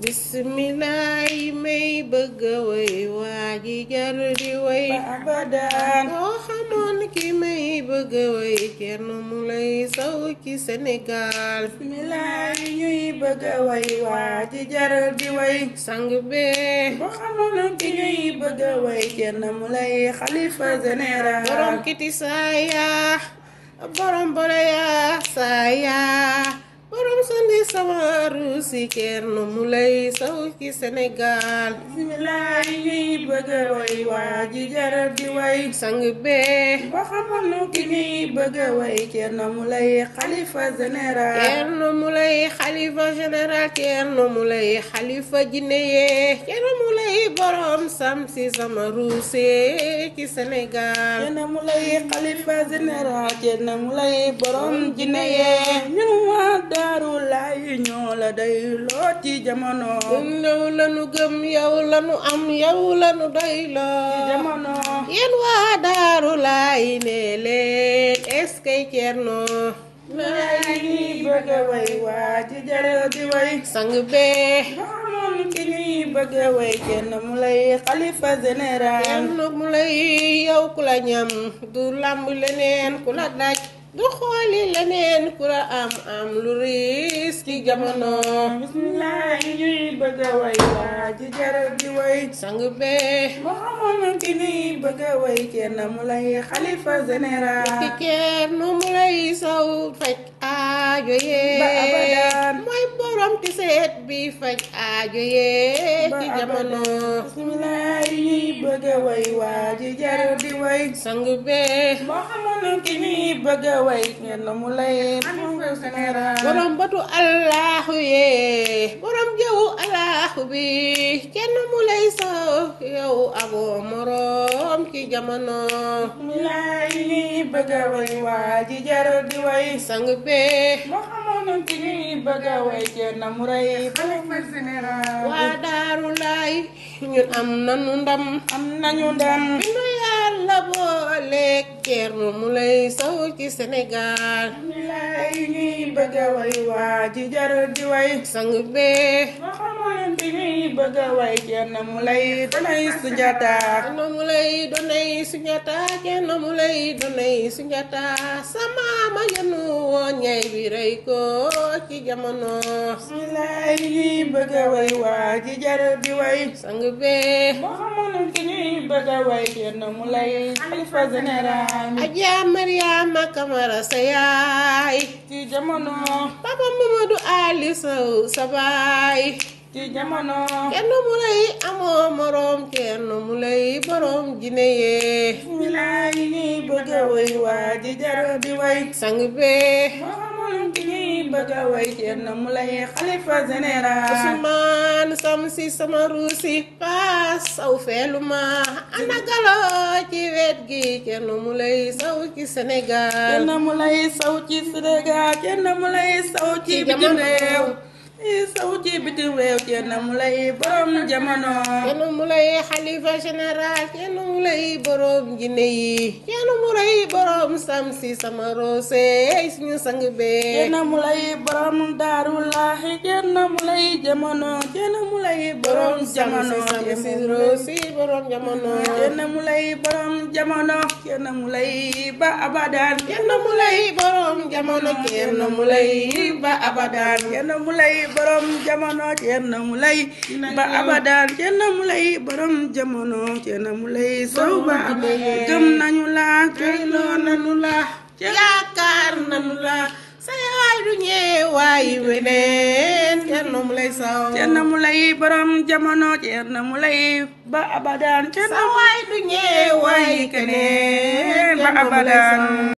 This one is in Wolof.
bismillaay may bëgg a waa ji jar di way boo xamoon ki may bëgg a way kenn mu lay saw ci Sénégal bismillaay ñuy bëgg a waa ji jar di way sang bee boo xamoon ki ñuy bëgg a way kenn mu lay xalifa général borom kiti saaya borom bolo yaa saaya sama ruusi Ceerno Mulay Saw ci Sénégal bismilaay ñuy borom sam sama ruusi ci Sénégal Ceerno Mulay xalifa général borom jinne yee ñun waa la ci jamono. ñun yow la nu gëm yow la am yow la nu doy waa Daaru laay ne leen est-ce que Thierno. maa ngi bëgg waa ci jërë di way. sang bee. moom ki ñuy bëgg a way mu lay xalifa général. kenn mu lay yow ku la ñam du làmb leneen ku la daj. du xooli leneen ku am am lu riis ci jamono bismillah yi bëgg a way waa ji jarab di way sang bee moo xamoon ki ñuy bëgg a way kenn mu lay xalifa général ki kenn mu lay saw faj aajo yee mooy borom ki seet faj aajo yee a way waa jar di way sang bee a way ngeen mu lay borom batu allahu yee borom jëwu allahu bi kenn mu lay soof yow aboo moroom ci jamono laay ñuy bëgg a way waa ji jar di way sang bee bëgg a way kenn mu rey waa daaru am nañu ndam am nañu ndam leeg Thierno Moulay Sow ci Sénégal a way waa ji jarul sama ma yenu woon bi rey ko ci jamono bëgg a waa ji di way sang bee moo xamoon ki ñuy bëgg a way kenn mu lay xalifa général Adja Mariama Kamara sa yaay ci papa Mamadou Ali Sow sa baay ci jamono kenn mu lay amoo moroom kenn mu lay borom jine yee bismillah yi ñuy bëgga way waa ji jara di way sang bee moo xamoon ki ñuy bëgga way kenn mu lay xalifa général Usmaan sam si sama ruusi saw feelu gi kenn mu lay saw ci Sénégal kenn mu lay saw ci Sénégal kenn mu lay saw ci bitim saw ci bitim réew kenn mu lay borom jamono kenn mu lay xalifa général kenn mu lay borom jinne yi kenn mu lay borom sam si sama roose ay suñu sang bee kenn mu lay borom wallaahi jenna mu lay jamono jenna mu lay borom jamono jenna mu lay borom jamono jenna mu lay ba abadan jenna mu lay borom jamono jenna mu lay ba abadan jenna mu lay borom jamono jenna mu lay ba abadan jenna mu lay borom jamono jenna mu lay sow ba gëm nañu la gëloo nañu la yaakaar nañu la sa yaay du ñëwee waaye weneen Thierno Moulé Sow Thierno jamono Thierno Moulé ba abadaan Thierno sa waay du ba abadaan